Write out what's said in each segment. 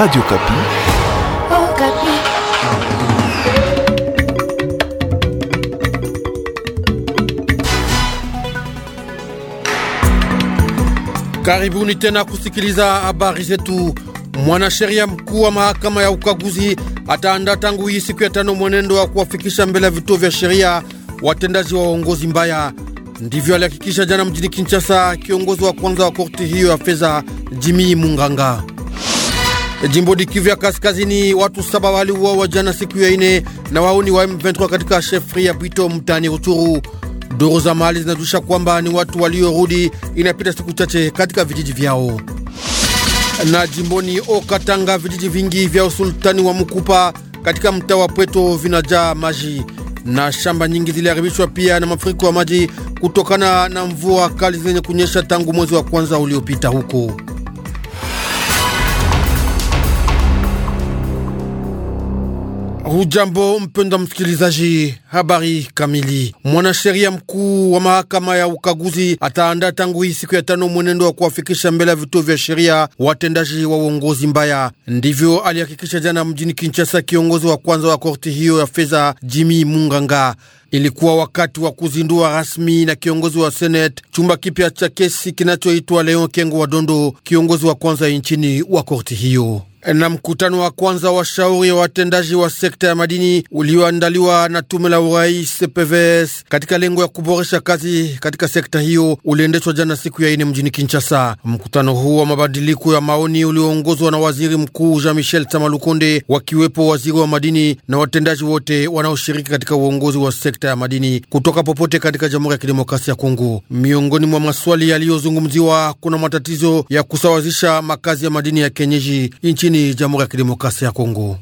Radio Kapi. Oh, Kapi. Karibuni tena kusikiliza habari zetu. Mwanasheria mkuu wa mahakama ya ukaguzi ataandaa tangu hii siku ya tano mwenendo wa kuwafikisha mbele ya vituo vya sheria watendaji wa uongozi mbaya. Ndivyo alihakikisha jana mjini Kinshasa kiongozi wa kwanza wa korti hiyo ya fedha Jimmy Munganga. Jimboni Kivu ya Kaskazini, watu saba waliuawa jana siku ya ine na wauni wa M23 katika shefri ya Bwito mtani Ruchuru. Duru za mahali zinajulisha kwamba ni watu waliorudi inapita siku chache katika vijiji vyao. Na jimboni Okatanga, vijiji vingi vya usultani wa Mukupa katika mtaa wa Pweto vinajaa maji na shamba nyingi ziliharibishwa pia na mafuriko ya maji kutokana na mvua kali zenye kunyesha tangu mwezi wa kwanza uliopita huko Hujambo mpendwa msikilizaji, habari kamili. Mwanasheria mkuu wa mahakama ya ukaguzi ataandaa tangu hii siku ya tano mwenendo wa kuwafikisha mbele ya vituo vya sheria watendaji wa uongozi mbaya. Ndivyo alihakikisha jana mjini Kinshasa kiongozi wa kwanza wa korti hiyo ya fedha Jimmy Munganga. Ilikuwa wakati wa kuzindua rasmi na kiongozi wa senate chumba kipya cha kesi kinachoitwa Leon Kengo Wadondo, kiongozi wa kwanza nchini wa korti hiyo na mkutano wa kwanza wa shauri ya watendaji wa sekta ya madini ulioandaliwa na tume la urais PVS katika lengo ya kuboresha kazi katika sekta hiyo uliendeshwa jana siku ya ine mjini Kinshasa. Mkutano huu wa mabadiliko ya maoni ulioongozwa na waziri mkuu Jean Michel Samalukonde, wakiwepo waziri wa madini na watendaji wote wanaoshiriki katika uongozi wa sekta ya madini kutoka popote katika Jamhuri ya Kidemokrasia ya Kongo. Miongoni mwa maswali yaliyozungumziwa kuna matatizo ya kusawazisha makazi ya madini ya kenyeji nchi nchini Jamhuri ya Kidemokrasia ya Kongo.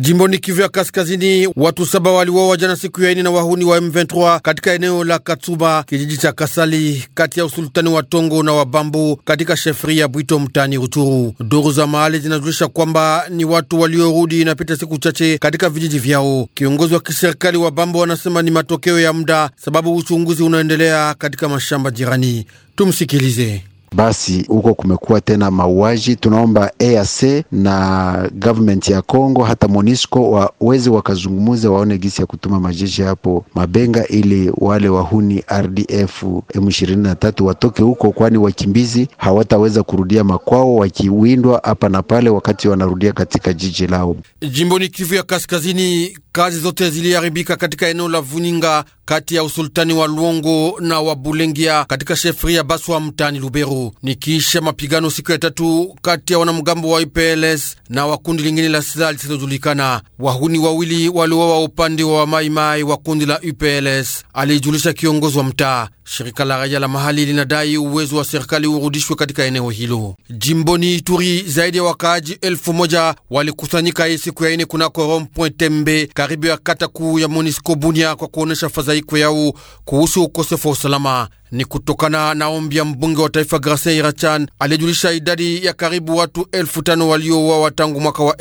Jimboni Kivu ya Kaskazini, watu saba waliuawa jana siku ya ine na wahuni wa M23 katika eneo la katsuba kijiji cha Kasali, kati ya usultani wa Tongo na Wabambu katika shefri ya Bwito, mtani Ruchuru. Duru za mahali zinajulisha kwamba ni watu waliorudi inapita siku chache katika vijiji vyao. Kiongozi wa kiserikali wa Bambu wanasema ni matokeo ya muda, sababu uchunguzi unaendelea katika mashamba jirani. Tumsikilize basi huko kumekuwa tena mauaji. Tunaomba EAC na government ya Kongo hata MONUSCO waweze wakazungumuze, waone gisi ya kutuma majeshi hapo Mabenga ili wale wahuni RDF M23 watoke huko, kwani wakimbizi hawataweza kurudia makwao wakiwindwa hapa na pale wakati wanarudia katika jiji lao. Jimboni Kivu ya Kaskazini, kazi zote ziliharibika katika eneo la Vuninga kati ya usultani wa Luongo na wa Bulengia katika shefria Baswa mtani Lubero. Ni kisha mapigano siku ya tatu kati ya wanamgambo wa IPLS na wa lingine la silaha lisilojulikana. Wahuni wawili waliwawa upande wa Maimai wa kundi la IPLS, alijulisha kiongozi wa mtaa. Shirika la raia la mahali linadai uwezo wa serikali urudishwe katika eneo hilo. Jimboni Ituri, zaidi ya wakaaji elfu moja walikusanyika hii siku ya ine kunako Rom point Tembe, karibu ya kata kuu ya Monisco Bunia, kwa kuonyesha fadhaiko yao kuhusu ukosefu wa usalama. Ni kutokana na ombi ya mbunge wa taifa Grasin Irachan aliyejulisha idadi ya karibu watu elfu tano waliouawa tangu mwaka wa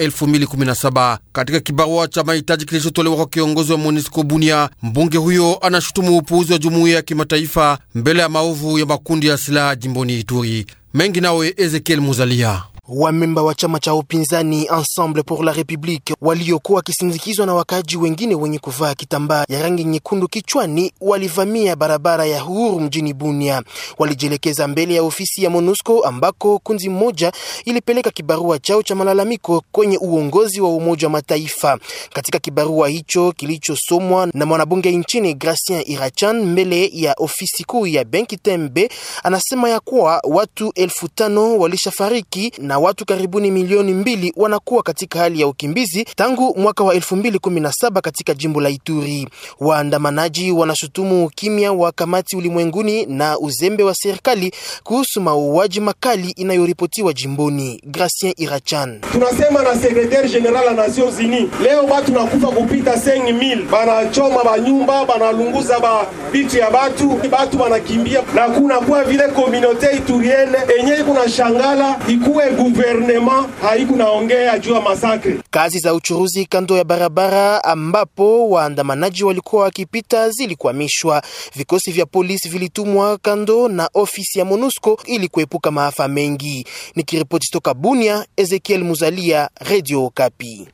saba katika kibarua cha mahitaji kilichotolewa kwa kiongozi wa Monisco Bunia. Mbunge huyo anashutumu upuuzi wa jumuiya ya kimataifa mbele ya maovu ya makundi ya silaha jimboni Ituri mengi nawe Ezekiel Muzalia. Wamemba wa chama cha upinzani Ensemble pour la République waliokuwa wakisindikizwa na wakaaji wengine wenye kuvaa kitambaa ya rangi nyekundu kichwani walivamia barabara ya Uhuru mjini Bunia. Walijielekeza mbele ya ofisi ya MONUSCO ambako kundi moja ilipeleka kibarua chao cha malalamiko kwenye uongozi wa Umoja wa Mataifa. Katika kibarua hicho kilichosomwa na mwanabunge nchini Gracien Irachan mbele ya ofisi kuu ya Benki Tembe, anasema ya kuwa watu elfu tano walishafariki na watu karibuni milioni mbili wanakuwa katika hali ya ukimbizi tangu mwaka wa 2017 katika jimbo la Ituri. Waandamanaji wanashutumu ukimya wa kamati ulimwenguni na uzembe wa serikali kuhusu mauaji makali inayoripotiwa jimboni. Gracien Irachan: tunasema na sekretari general ya Nations Unies, leo batu nakufa kupita 5000 banachoma banyumba, banalunguza ba vitu ya batu, batu banakimbia na kunakuwa vile komunote ituriene enye shangala ikuwe guvernema haikunaongea juu ya masakre. Kazi za uchuruzi kando ya barabara ambapo waandamanaji walikuwa wakipita zilikwamishwa. Vikosi vya polisi vilitumwa kando na ofisi ya MONUSCO ili kuepuka maafa mengi. Nikiripoti toka Bunia, Ezekiel Muzalia, Radio Kapi.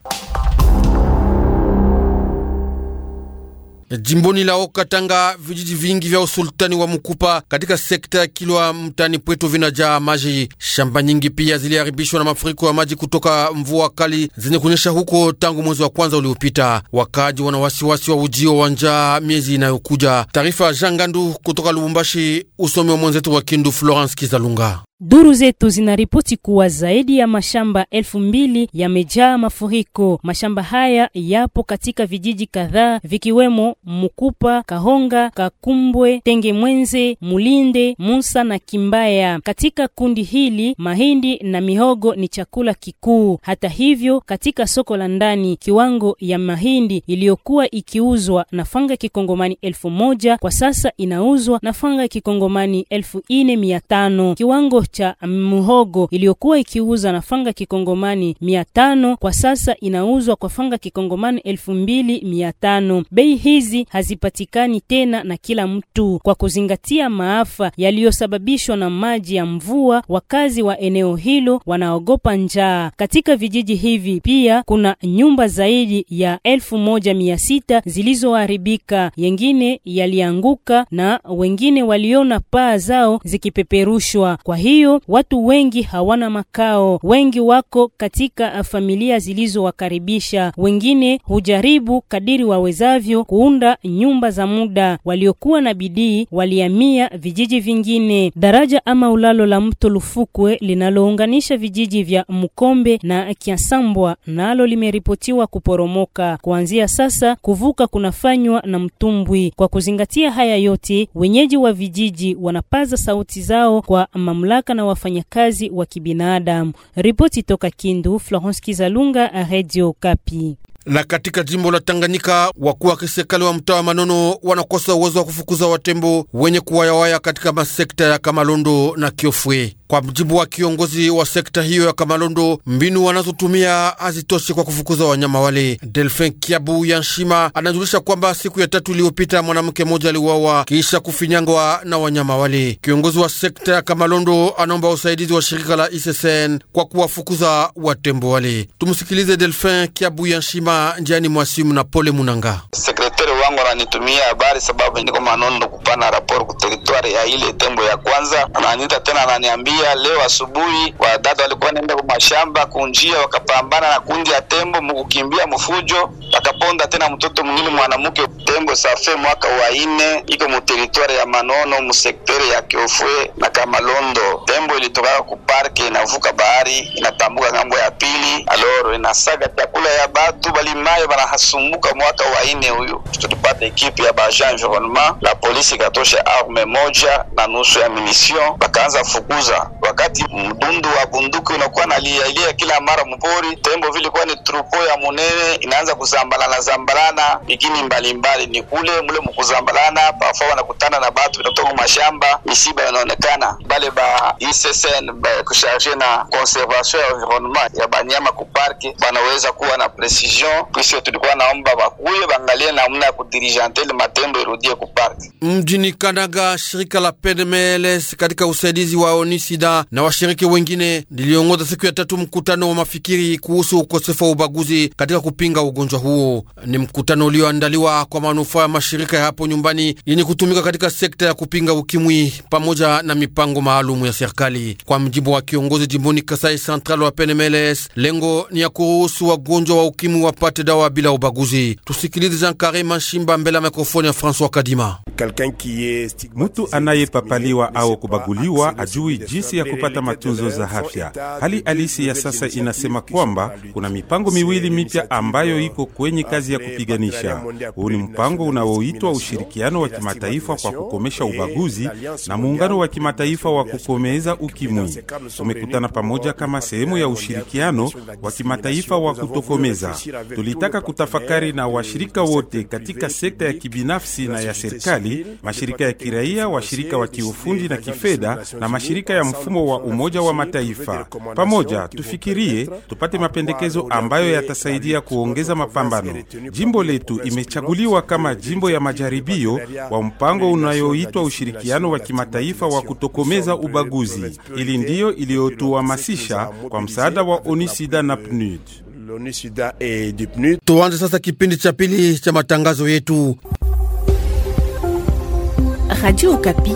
Jimboni la Okatanga, vijiji vingi vya usultani wa Mukupa katika sekta ya Kilwa mtani Pweto vinajaa maji. Shamba nyingi pia ziliharibishwa na mafuriko ya maji kutoka mvua kali zenye kunyesha huko tangu mwezi wa kwanza uliopita. Wakaji wana wasiwasi wa ujio wa njaa miezi inayokuja. Taarifa ya Jangandu kutoka Lubumbashi, usomi wa mwenzetu wa Kindu Florence Kizalunga. Duru zetu zinaripoti kuwa zaidi ya mashamba elfu mbili yamejaa mafuriko. Mashamba haya yapo katika vijiji kadhaa vikiwemo Mukupa, Kahonga, Kakumbwe, Tenge Mwenze, Mulinde, Musa na Kimbaya. Katika kundi hili mahindi na mihogo ni chakula kikuu. Hata hivyo, katika soko la ndani kiwango ya mahindi iliyokuwa ikiuzwa na fanga kikongomani elfu moja kwa sasa inauzwa na fanga kikongomani elfu ine mia tano kiwango cha mhogo iliyokuwa ikiuza na fanga kikongomani mia tano kwa sasa inauzwa kwa fanga kikongomani elfu mbili mia tano. Bei hizi hazipatikani tena na kila mtu kwa kuzingatia maafa yaliyosababishwa na maji ya mvua. Wakazi wa eneo hilo wanaogopa njaa. Katika vijiji hivi pia kuna nyumba zaidi ya elfu moja mia sita zilizoharibika, yengine yalianguka na wengine waliona paa zao zikipeperushwa. Kwa hii hiyo watu wengi hawana makao, wengi wako katika familia zilizowakaribisha, wengine hujaribu kadiri wawezavyo kuunda nyumba za muda. Waliokuwa na bidii walihamia vijiji vingine. Daraja ama ulalo la mto Lufukwe linalounganisha vijiji vya Mukombe na Kiasambwa nalo limeripotiwa kuporomoka. Kuanzia sasa kuvuka kunafanywa na mtumbwi. Kwa kuzingatia haya yote, wenyeji wa vijiji wanapaza sauti zao kwa mamlaka mamlaka na wafanyakazi wa kibinadamu. Ripoti toka Kindu, Florence Kizalunga, Radio Kapi. Na katika jimbo la Tanganyika, wakuu wa kiserikali wa mtaa wa Manono wanakosa uwezo wa kufukuza watembo wenye kuwayawaya katika masekta ya Kamalondo na Kiofwe. Kwa mjibu wa kiongozi wa sekta hiyo ya Kamalondo, mbinu wanazotumia hazitoshi kwa kufukuza wanyama wale. Delfin Kiabu ya Nshima anajulisha kwamba siku ya tatu iliyopita mwanamke mmoja aliuawa kisha kufinyangwa na wanyama wale. Kiongozi wa sekta ya Kamalondo anaomba usaidizi wa shirika la ISSN kwa kuwafukuza watembo wale. Tumsikilize Delfin Kiabu ya Nshima njiani mwasimu na Pole Munanga. Sekretari wangu ananitumia habari sababu niko Manondo kupana rapor kutoka Februari ya ile tembo ya kwanza, ananiita tena, ananiambia leo asubuhi wadada walikuwa naenda kwa mashamba kunjia, wakapambana na kundi ya tembo, mkukimbia mfujo, wakaponda tena mtoto mwingine mwanamke Malengo safe mwaka wa ine iko mu ya Manono mu ya Kiofwe na Kamalondo. Tembo ilitoka ku parke inavuka bahari inatambuka ngambo ya pili, aloro inasaga chakula ya batu balimayo banahasumbuka. Mwaka wa ine huyu tulipata ekipe ya baja environnement la polisi ikatosha arme moja na nusu ya munition, bakaanza fukuza. Wakati mdundu wa bunduki unakuwa nalialia kila mara mpori, tembo vilikuwa ni trupo ya munene inaanza kuzambalana zambalana bikini mbalimbali ni kule mule mukuzambalana pafa wanakutana na batu kutoka mashamba isiba yanaonekana bale ba ICCN ba kusharge na conservation ya environnement ya banyama parke banaweza kuwa na precision puisque tulikuwa naomba bakuye bangalie namna ya kudirigente matembo irudie kuparke mjini Kanaga. Shirika la PDMLS katika usaidizi wa Onisida na washiriki wengine liliongoza siku ya tatu mkutano wa mafikiri kuhusu ukosefu wa ubaguzi katika kupinga ugonjwa huo. Ni mkutano ulioandaliwa kwa manufaa ya mashirika ya hapo nyumbani yenye kutumika katika sekta ya kupinga ukimwi pamoja na mipango maalumu ya serikali. Kwa mjibu wa kiongozi jimboni Kasai Central wa PNMLS, lengo ni ya kuruhusu wagonjwa wa ukimwi wapate dawa bila ubaguzi. Tusikilize Jean Kare Mashimba mbele ya mikrofoni ya Francois Kadima. Mtu anayepapaliwa au kubaguliwa ajui jinsi ya kupata matunzo za afya. Hali halisi ya sasa inasema kwamba kuna mipango miwili mipya ambayo iko kwenye kazi ya kupiganisha. Huu ni mpango mpango unaoitwa ushirikiano wa kimataifa kwa kukomesha ubaguzi na muungano wa kimataifa wa kukomeza ukimwi. Tumekutana pamoja kama sehemu ya ushirikiano wa kimataifa wa kutokomeza. Tulitaka kutafakari na washirika wote katika sekta ya kibinafsi na ya serikali, mashirika ya kiraia, washirika wa kiufundi na kifedha na mashirika ya mfumo wa Umoja wa Mataifa. Pamoja tufikirie, tupate mapendekezo ambayo yatasaidia kuongeza mapambano. Jimbo letu imechaguliwa katika majimbo ya majaribio wa mpango unayoitwa ushirikiano wa kimataifa wa kutokomeza ubaguzi. Ili ndiyo iliyotuhamasisha kwa msaada wa Onisida na PNUD. Tuanze sasa kipindi cha pili cha matangazo yetu. Radio Okapi,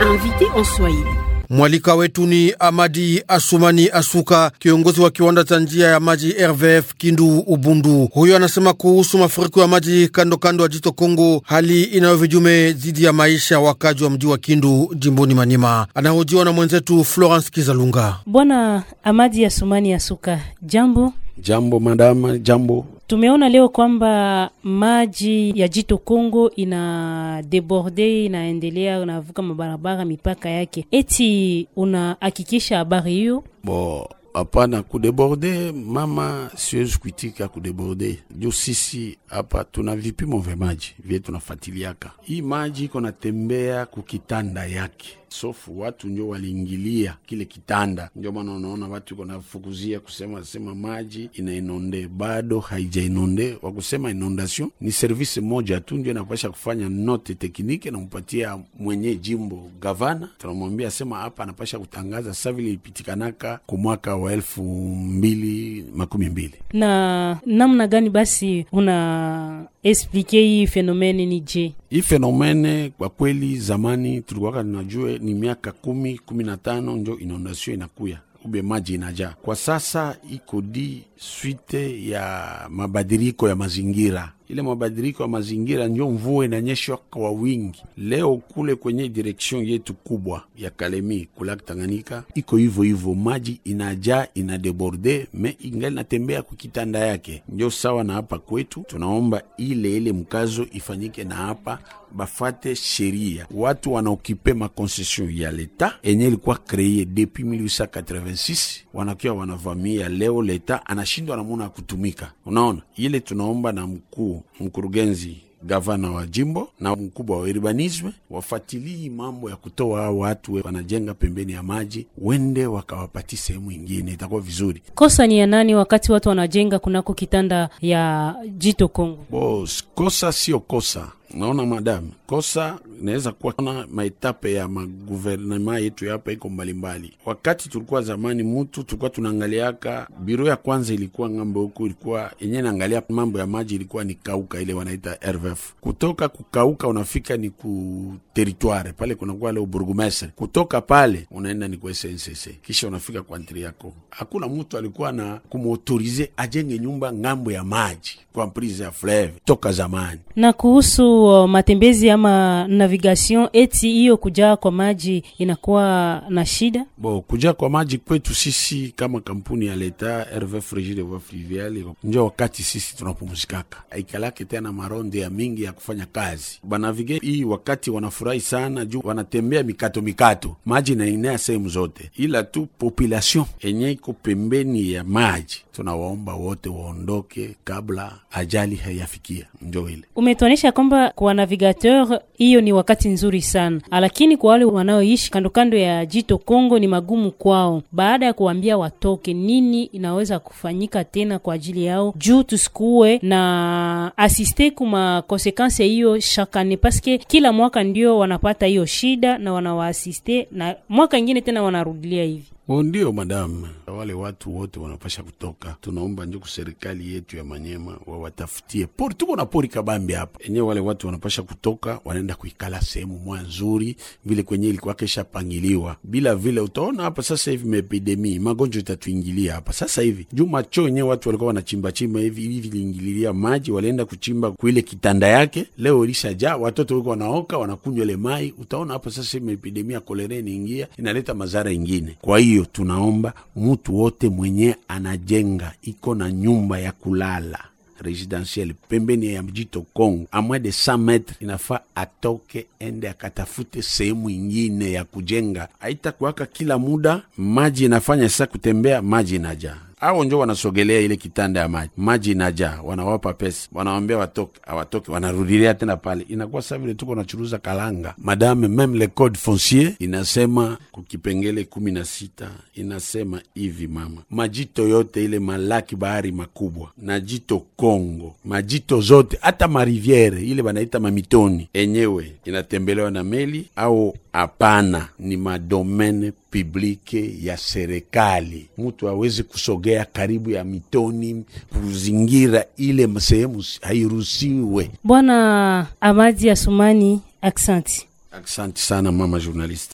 invité en Swahili. Mwalika wetu ni Amadi Asumani Asuka, kiongozi wa kiwanda cha njia ya maji RVF Kindu Ubundu. Huyo anasema kuhusu mafuriko ya maji kando kando ya jito Kongo, hali inayovijume dhidi ya maisha wakaji wa mji wa Kindu jimboni Manyema. Anahojiwa na mwenzetu Florence Kizalunga. Bwana Amadi Asumani Asuka, jambo. Jambo madama, jambo. Tumeona leo kwamba maji ya jito Kongo ina deborde inaendelea navuka mabarabara mipaka yake. Eti unahakikisha habari hiyo? Bo, hapana kudeborde mama, siwezi kuitika kudeborde juu sisi hapa tuna vipimo vya maji vye tunafatiliaka. Hii maji iko natembea kukitanda yake sofu watu ndio waliingilia kile kitanda, ndio maana unaona watu iko nafukuzia kusema sema maji inainonde, bado haijainonde. Wakusema inondation ni service moja tu ndio inapasha kufanya note teknike, nampatia mwenye jimbo gavana, tunamwambia sema hapa anapasha kutangaza sa vile ipitikanaka kwa mwaka wa elfu mbili makumi mbili na namna gani basi una explike hii fenomene ni je? Hii fenomene kwa kweli, zamani tulikuwaka tunajua ni miaka kumi kumi na tano njo inondasio inakuya ube maji inaja Kwa sasa iko di swite ya mabadiliko ya mazingira ile mabadiliko ya mazingira ndio mvua inanyeshwa kwa wingi. Leo kule kwenye direksion yetu kubwa ya Kalemi kulak Tanganyika iko hivyo hivyo, maji inajaa inadeborde, me ingali natembea kwa kitanda yake. Ndio sawa na hapa kwetu, tunaomba ile ile mkazo ifanyike na hapa bafate sheria watu wanaokipe makonsesion ya leta enye ilikuwa kreye depuis 1886 wanakiwa wanavamia. Leo leta anashindwa namuna ya kutumika. Unaona, ile tunaomba na mkuu mkurugenzi gavana wa jimbo na mkubwa wa urbanisme wafatilii mambo ya kutoa watu wanajenga pembeni ya maji, wende wakawapati sehemu ingine, itakuwa vizuri. Kosa ni ya nani wakati watu wanajenga kunako kitanda ya jito Kongo? Bos, kosa sio kosa Naona madam, kosa inaweza kuwa na maetape ya maguvernema yetu yapa iko mbalimbali. Wakati tulikuwa zamani, mutu tulikuwa tunaangaliaka biro ya kwanza ilikuwa ngambo huku, ilikuwa enye naangalia mambo ya maji, ilikuwa ni kauka, ile wanaita RVF. Kutoka kukauka unafika ni ku territoire pale, kunakuwa leo burgomestre. Kutoka pale unaenda ni kwa SNCC, kisha unafika kwa ntri yako. Hakuna mutu alikuwa na kumotorize ajenge nyumba ngambo ya maji kwa prise ya fleve toka zamani. Na kuhusu uh, matembezi ama navigation eti hiyo kujaa kwa maji inakuwa na shida bo. Kujaa kwa maji kwetu sisi kama kampuni ya leta rv Frigide des Voies njo wakati sisi tunapumzikaka aikalake tena maronde ya mingi ya kufanya kazi banavige hii wakati wanafurahi sana juu wanatembea mikato mikato, maji inaenea sehemu zote, ila tu population enye iko pembeni ya maji tunawaomba wote waondoke kabla ajali hayafikia. Njo ile umetuonyesha kwamba kwa navigateur, hiyo ni wakati nzuri sana, lakini kwa wale wanaoishi kando kando ya jito Kongo ni magumu kwao. Baada ya kuambia watoke, nini inaweza kufanyika tena kwa ajili yao juu tusikuwe na asiste kuma konsekansi hiyo shakane, paske kila mwaka ndio wanapata hiyo shida na wanawaasiste, na mwaka ingine tena wanarudilia hivi. O, ndio madamu, wale watu wote wanapasha kutoka. Tunaomba njuku serikali yetu ya Manyema wawatafutie pori, tuko na pori kabambi hapa enyewe. Wale watu wanapasha kutoka, wanaenda kuikala sehemu mwa nzuri vile kwenye ilikuwa kesha pangiliwa, bila vile utaona hapa sasa hivi maepidemi magonjwa itatuingilia hapa sasa hivi. Juma cho enyewe watu walikuwa wanachimba chimba hivi hivi, viliingililia maji, walienda kuchimba kuile kitanda yake, leo ilishajaa watoto wiko wanaoka wanakunywa ile mai. Utaona hapa sasa hivi maepidemi ya kolera inaingia inaleta mazara ingine, kwa hiyo hiyo tunaomba mutu wote mwenye anajenga iko na nyumba ya kulala residentiel pembeni ya mjito Kongo a moins de 100 metre, inafaa atoke ende akatafute sehemu ingine ya kujenga. Haitakuwaka kila muda maji inafanya sa kutembea maji inaja ao njo wanasogelea ile kitanda ya maji, maji inaja, wanawapa pesa, wanawambia watoke, awatoke, wanarudilia tena pale. Inakuwa sa vile tuko nachuruza kalanga, madame. Meme le code foncier inasema kukipengele kumi na sita inasema hivi mama, majito yote ile malaki bahari makubwa na jito Kongo, majito zote hata mariviere ile banaita mamitoni enyewe inatembelewa na meli au Hapana, ni madomene publike ya serikali. Mtu awezi kusogea karibu ya mitoni, kuzingira ile sehemu hairuhusiwe. Bwana Amadi Asumani, aksanti. Aksanti sana mama journalist.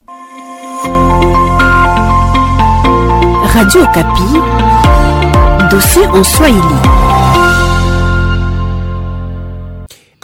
Radio Kapi, dossier en Swahili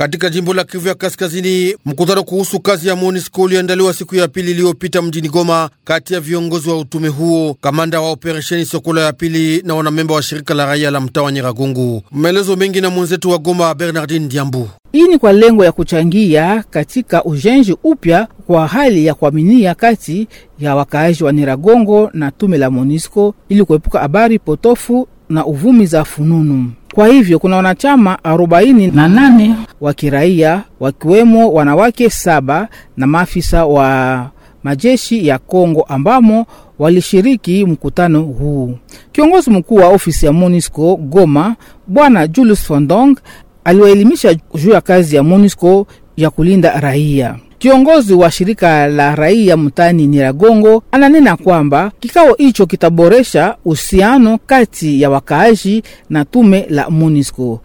katika jimbo la Kivu ya Kaskazini. Mkutano kuhusu kazi ya MONUSCO uliandaliwa siku ya pili iliyopita mjini Goma, kati ya viongozi wa utume huo, kamanda wa operesheni Sokola ya pili na wanamemba wa shirika la raia la mtaa wa Nyiragongo. Maelezo mengi na mwenzetu wa Goma, Bernardin Diambu. Hii ni kwa lengo ya kuchangia katika ujenzi upya kwa hali ya kuaminia kati ya wakaaji wa Nyiragongo na tume la MONUSCO ili kuepuka habari potofu na uvumi za fununu. Kwa hivyo kuna wanachama 48 na nane wa kiraia wakiwemo wanawake saba na maafisa wa majeshi ya Kongo ambamo walishiriki mkutano huu. Kiongozi mkuu wa ofisi ya MONUSCO Goma, Bwana Julius Fondong, aliwaelimisha juu ya kazi ya MONUSCO ya kulinda raia. Kiongozi wa shirika la raia mtaani Nyiragongo ananena kwamba kikao hicho kitaboresha uhusiano kati ya wakaaji na tume la MONUSCO.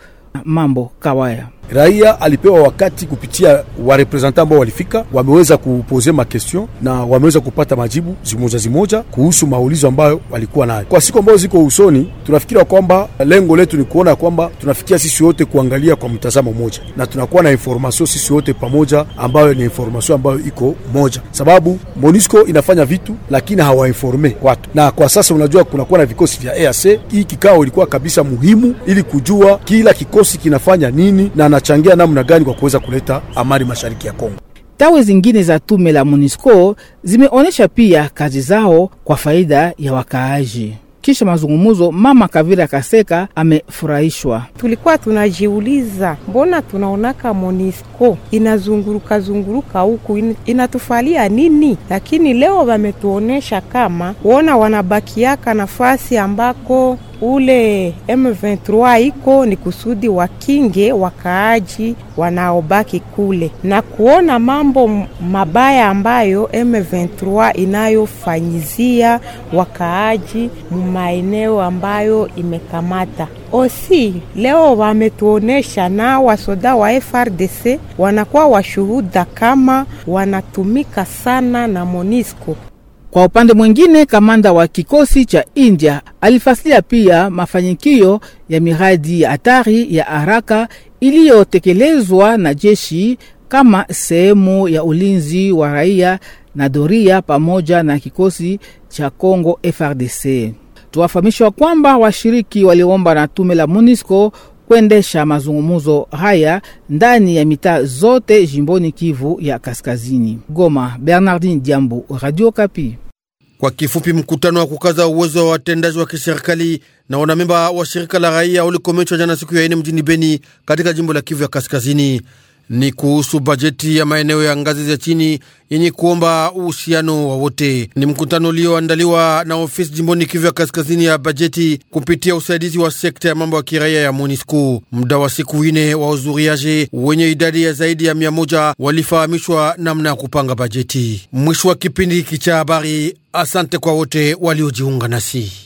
Mambo Kawaya raia alipewa wakati kupitia warepresentant ambao walifika, wameweza kupoze makestion na wameweza kupata majibu zimoja zimoja kuhusu maulizo ambayo walikuwa nayo kwa siku ambazo ziko usoni. Tunafikira kwamba lengo letu ni kuona kwamba tunafikia sisi wote kuangalia kwa mtazamo mmoja na tunakuwa na information sisi wote pamoja, ambayo ni information ambayo iko moja, sababu Monisco inafanya vitu lakini hawainforme watu. Na kwa sasa unajua kunakuwa na vikosi vya EAC. Hii kikao ilikuwa kabisa muhimu ili kujua kila kikosi kinafanya nini na tunachangia namna gani kwa kuweza kuleta amani mashariki ya Kongo. Tawe zingine za tume la MONUSCO zimeonyesha pia kazi zao kwa faida ya wakaaji. Kisha mazungumzo, mama Kavira Kaseka amefurahishwa. Tulikuwa tunajiuliza mbona tunaonaka MONUSCO inazunguruka zunguruka huku inatufalia nini, lakini leo wametuonesha kama wona wanabakiaka nafasi ambako ule M23 iko ni kusudi wakinge wakaaji wanaobaki kule na kuona mambo mabaya ambayo M23 inayofanyizia wakaaji mumaeneo ambayo imekamata osi. Leo wametuonesha na wasoda wa FRDC wanakuwa washuhuda kama wanatumika sana na Monisco. Kwa upande mwingine, kamanda wa kikosi cha India alifasilia pia mafanikio ya miradi ya hatari ya haraka iliyotekelezwa na jeshi kama sehemu ya ulinzi wa raia na doria pamoja na kikosi cha Congo FRDC. Tuwafahamishwa kwamba washiriki waliomba na tume la MONUSCO kuendesha mazungumuzo haya ndani ya mitaa zote jimboni Kivu ya Kaskazini. Goma, Bernardin Diambo, Radio Kapi. Kwa kifupi, mkutano wa kukaza uwezo wa watendaji wa kiserikali na wanamemba wa shirika la raia ulikomeshwa jana siku ya ine mjini Beni katika jimbo la Kivu ya Kaskazini ni kuhusu bajeti ya maeneo ya ngazi za chini yenye kuomba uhusiano wa wote. Ni mkutano ulioandaliwa na ofisi jimboni Kivu ya kaskazini ya bajeti kupitia usaidizi wa sekta ya mambo ya kiraia ya MONISCO. Muda wa siku ine wa uzuriaji wenye idadi ya zaidi ya mia moja walifahamishwa namna ya kupanga bajeti. Mwisho wa kipindi hiki cha habari. Asante kwa wote waliojiunga nasi.